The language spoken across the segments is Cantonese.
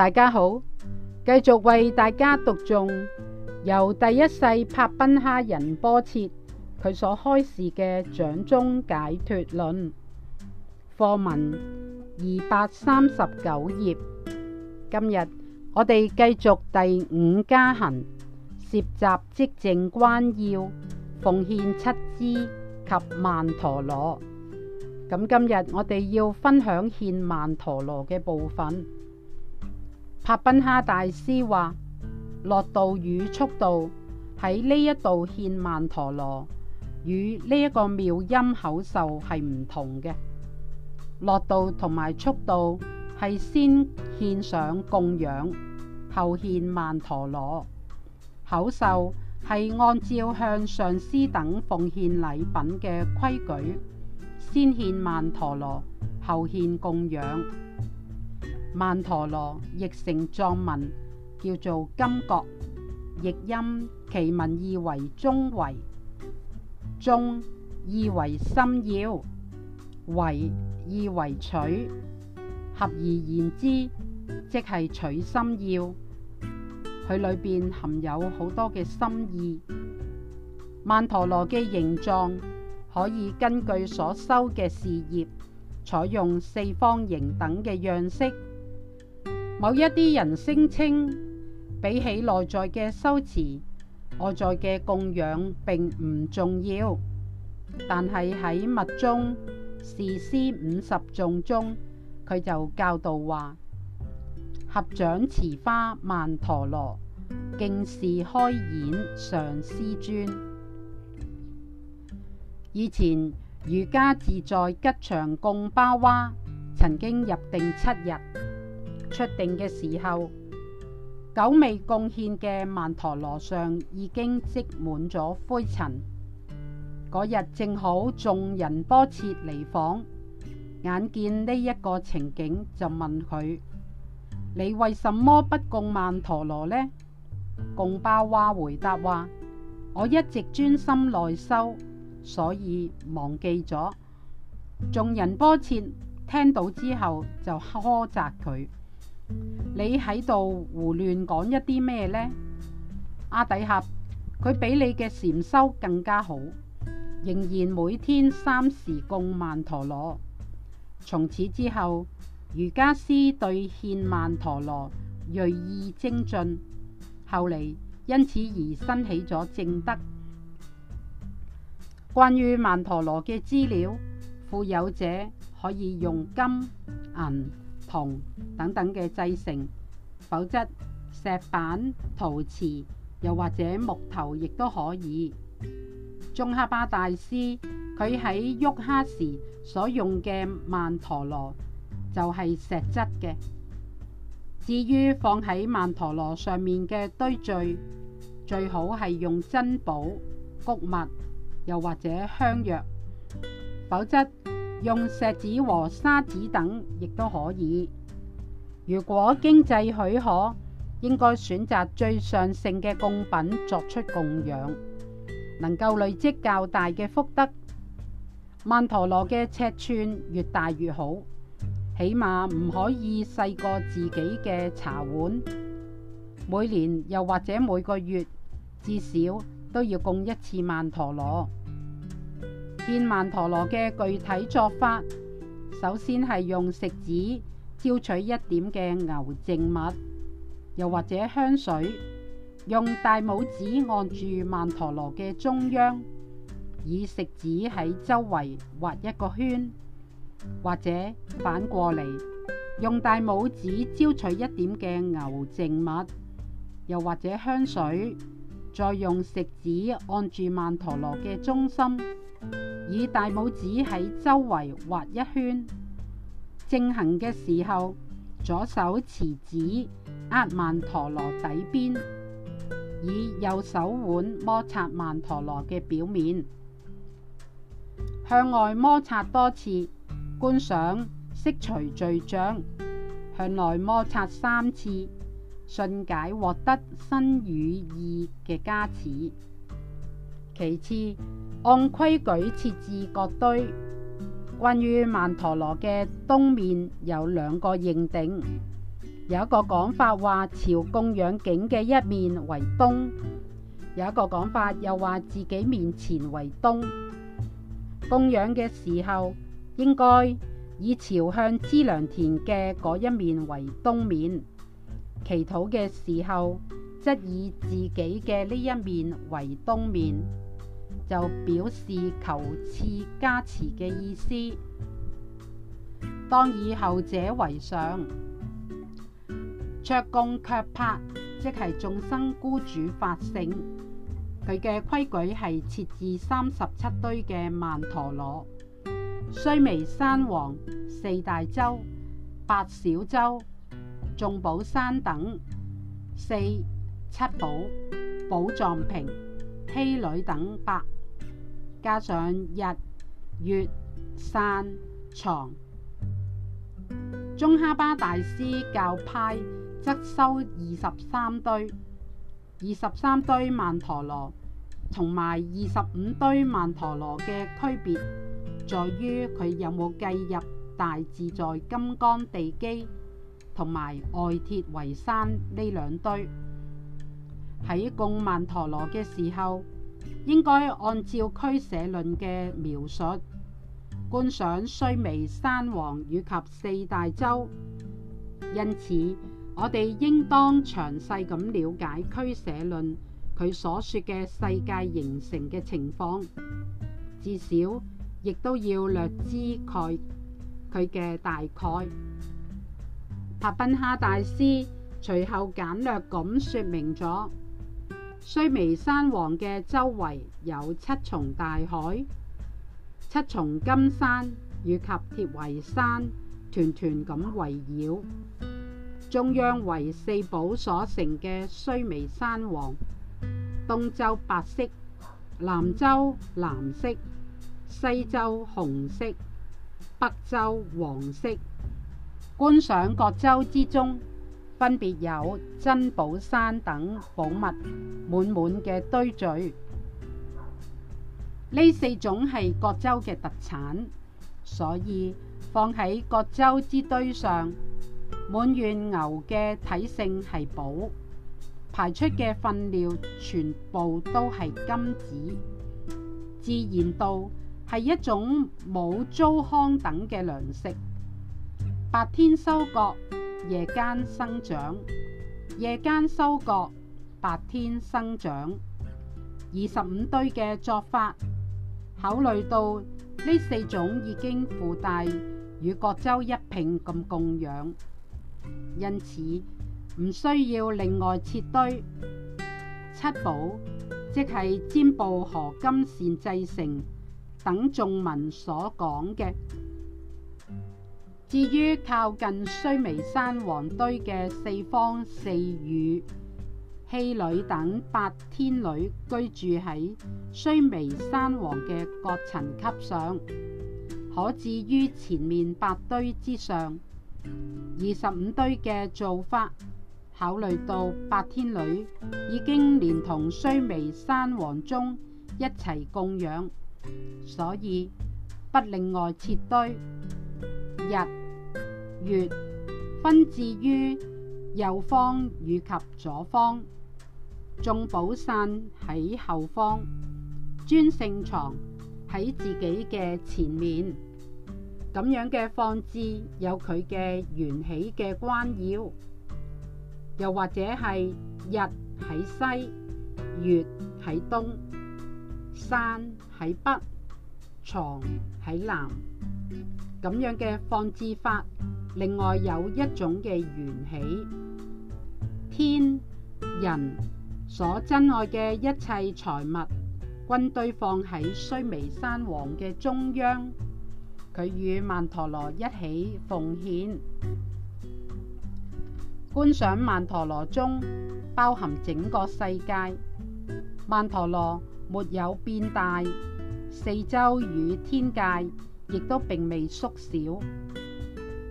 大家好，繼續為大家讀誦由第一世帕賓哈仁波切佢所開示嘅《掌中解脱論》課文二百三十九頁。今日我哋繼續第五加行，涉及即證關要、奉獻七支及曼陀羅。咁今日我哋要分享獻曼陀羅嘅部分。帕賓哈大師話：樂道與速度喺呢一度獻曼陀羅與呢一個妙音口授係唔同嘅。樂道同埋速度係先獻上供養，後獻曼陀羅；口授係按照向上師等奉獻禮品嘅規矩，先獻曼陀羅，後獻供養。曼陀羅譯成藏文叫做金角，譯音其文意為中為中，意為心要，為意為取，合而言之，即係取心要。佢裏邊含有好多嘅心意。曼陀羅嘅形狀可以根據所修嘅事業，採用四方形等嘅樣式。某一啲人聲稱，比起內在嘅修持，外在嘅供養並唔重要。但係喺密宗事師五十頌中，佢就教導話：合掌持花曼陀羅，敬事開演上師尊。以前瑜伽自在吉祥共巴娃曾經入定七日。.出定嘅時候，久未貢獻嘅曼陀羅上已經積滿咗灰塵。嗰日正好眾人波切嚟訪，眼見呢一個情景就問佢：你為什麼不供曼陀羅呢？共巴話回答：話我一直專心內修，所以忘記咗。眾人波切聽到之後就苛責佢。你喺度胡亂講一啲咩呢？阿底峽佢比你嘅禪修更加好，仍然每天三時供曼陀羅。從此之後，瑜伽師對獻曼陀羅銳意精進，後嚟因此而生起咗正德。關於曼陀羅嘅資料，富有者可以用金銀。銀銅等等嘅製成，否則石板、陶瓷又或者木頭亦都可以。宗喀巴大師佢喺喐蝦時所用嘅曼陀羅就係石質嘅。至於放喺曼陀羅上面嘅堆聚，最好係用珍寶、谷物又或者香藥，否則，用石子和沙子等亦都可以。如果經濟許可，應該選擇最上乘嘅供品作出供養，能夠累積較大嘅福德。曼陀羅嘅尺寸越大越好，起碼唔可以細過自己嘅茶碗。每年又或者每個月，至少都要供一次曼陀羅。見曼陀羅嘅具體做法，首先係用食指蘸取一點嘅牛淨物，又或者香水，用大拇指按住曼陀羅嘅中央，以食指喺周圍畫一個圈，或者反過嚟，用大拇指蘸取一點嘅牛淨物，又或者香水。再用食指按住曼陀羅嘅中心，以大拇指喺周圍畫一圈。正行嘅時候，左手持指壓曼陀羅底邊，以右手腕摩擦曼陀羅嘅表面，向外摩擦多次，觀賞，息除罪障；向內摩擦三次。信解獲得新語意嘅加持。其次，按規矩設置各堆。關於曼陀羅嘅東面有兩個認定，有一個講法話朝供養境嘅一面為東，有一個講法又話自己面前為東。供養嘅時候應該以朝向資糧田嘅嗰一面為東面。祈禱嘅時候，則以自己嘅呢一面為東面，就表示求賜加持嘅意思。當以後者為上，卓供卻拍，即係眾生孤主發性。佢嘅規矩係設置三十七堆嘅曼陀羅，須彌山王、四大洲、八小洲。眾寶山等四七寶寶藏瓶、希女等八，加上日月山藏，中哈巴大師教派則收二十三堆，二十三堆曼陀羅同埋二十五堆曼陀羅嘅區別，在於佢有冇計入大自在金剛地基。同埋外鐵圍山呢兩堆，喺共曼陀羅嘅時候，應該按照俱舍論嘅描述觀賞須彌山王以及四大洲。因此，我哋應當詳細咁了解俱舍論佢所說嘅世界形成嘅情況，至少亦都要略知佢佢嘅大概。帕賓哈大師隨後簡略咁說明咗，須彌山王嘅周圍有七重大海、七重金山以及鐵圍山，團團咁圍繞。中央為四寶所成嘅須彌山王，東洲白色，南洲藍色，西洲紅色，北洲黃色。觀賞各州之中，分別有珍寶山等寶物，滿滿嘅堆聚。呢四種係各州嘅特產，所以放喺各州之堆上。滿願牛嘅體性係寶，排出嘅糞尿全部都係金子。自然稻係一種冇糟糠等嘅糧食。白天收割，夜間生長；夜間收割，白天生長。二十五堆嘅作法，考慮到呢四種已經附帶與各州一併咁供養，因此唔需要另外設堆。七寶即係占布河金線製成，等眾民所講嘅。至於靠近須眉山王堆嘅四方四隅、戲女等八天女居住喺須彌山王嘅各層級上，可置於前面八堆之上。二十五堆嘅做法，考慮到八天女已經連同須彌山王中一齊供養，所以不另外設堆。月分置於右方以及左方，眾寶山喺後方，尊勝床喺自己嘅前面。咁樣嘅放置有佢嘅緣起嘅關照，又或者係日喺西，月喺東，山喺北，床喺南。咁樣嘅放置法，另外有一種嘅緣起，天人所珍愛嘅一切財物，均堆放喺須彌山王嘅中央。佢與曼陀羅一起奉獻，觀賞曼陀羅中包含整個世界。曼陀羅沒有變大，四周與天界，亦都並未縮小。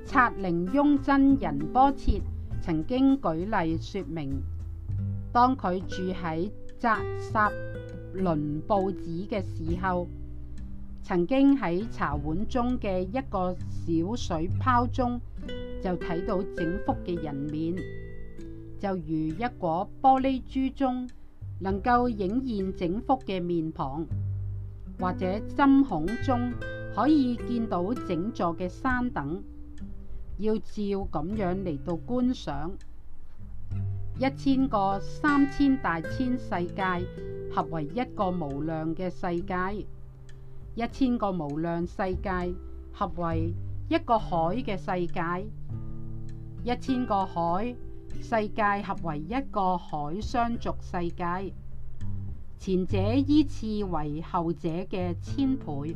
察靈雍真仁波切曾經舉例說明，當佢住喺扎薩倫布寺嘅時候，曾經喺茶碗中嘅一個小水泡中就睇到整幅嘅人面，就如一個玻璃珠中能夠影現整幅嘅面龐，或者針孔中，可以見到整座嘅山等，要照咁樣嚟到觀想一千個三千大千世界合為一個無量嘅世界，一千個無量世界合為一個海嘅世界，一千個海世界合為一個海相續世界，前者依次為後者嘅千倍。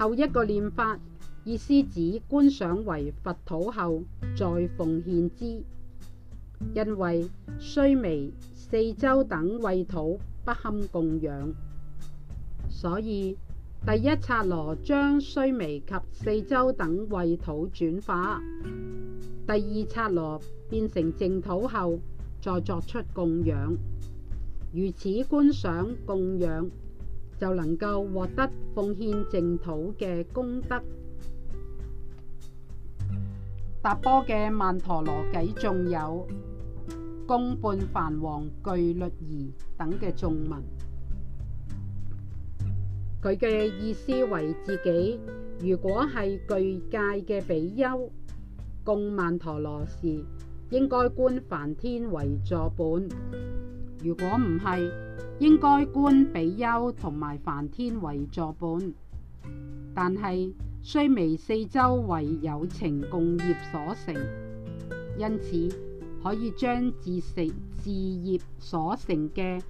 後一個念法意思指觀想為佛土後，再奉獻之，因為須彌四周等穢土不堪供養，所以第一察羅將須彌及四周等穢土轉化，第二察羅變成淨土後再作出供養。如此觀想供養。就能夠獲得奉獻淨土嘅功德。達波嘅曼陀羅偈，仲有供伴梵王具律儀等嘅眾文。佢嘅意思為：自己如果係具戒嘅比丘供曼陀羅時，應該觀梵天為座本；如果唔係，應該觀比丘同埋梵天為作伴，但係雖未四周為友情共業所成，因此可以將自食自業所成嘅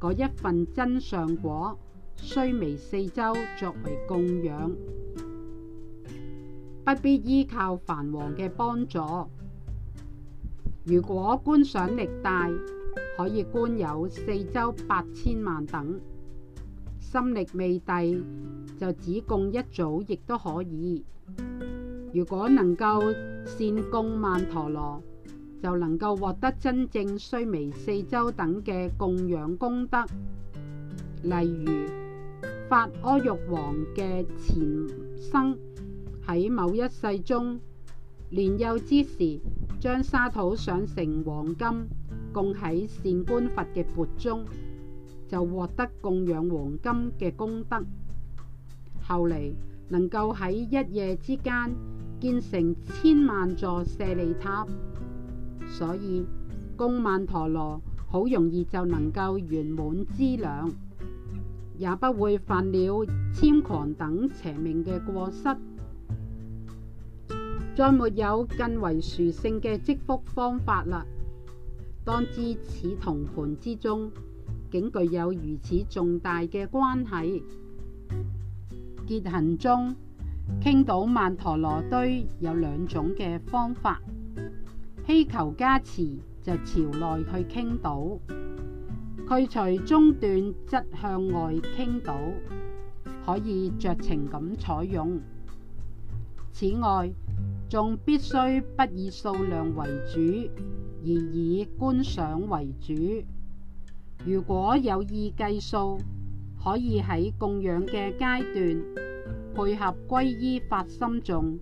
嗰一份真相果，雖未四周作為供養，不必依靠梵王嘅幫助。如果觀賞力大。可以觀有四洲八千萬等，心力未逮，就只供一組亦都可以。如果能夠善供曼陀羅，就能夠獲得真正須彌四洲等嘅供養功德。例如，法阿育王嘅前生喺某一世中，年幼之時將沙土想成黃金。供喺善觀佛嘅缽中，就獲得供養黃金嘅功德。後嚟能夠喺一夜之間建成千萬座舍利塔，所以供曼陀羅好容易就能夠圓滿資糧，也不會犯了謙狂等邪命嘅過失。再沒有更為殊勝嘅積福方法啦。當知此銅盤之中，竟具有如此重大嘅關係。結行中傾倒曼陀羅堆有兩種嘅方法：希求加持就朝內去傾倒；去除中斷則向外傾倒，可以酌情咁採用。此外，仲必須不以數量為主，而以觀賞為主。如果有意計數，可以喺供養嘅階段配合皈依發心頌，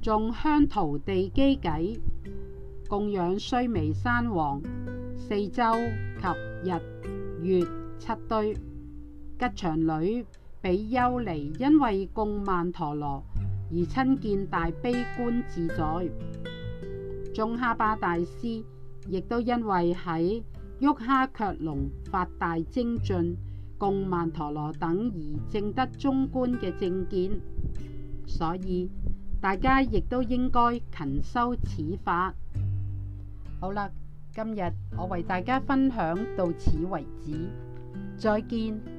塗香塗地基偈供養須彌山王四周及日月七堆吉祥女比丘尼，因為供曼陀羅。而親見大悲觀自在，宗喀巴大師亦都因為喺沃卡卻龍發大精進供曼陀羅等而證得中觀嘅正見，所以大家亦都應該勤修此法。好啦，今日我為大家分享到此為止，再見。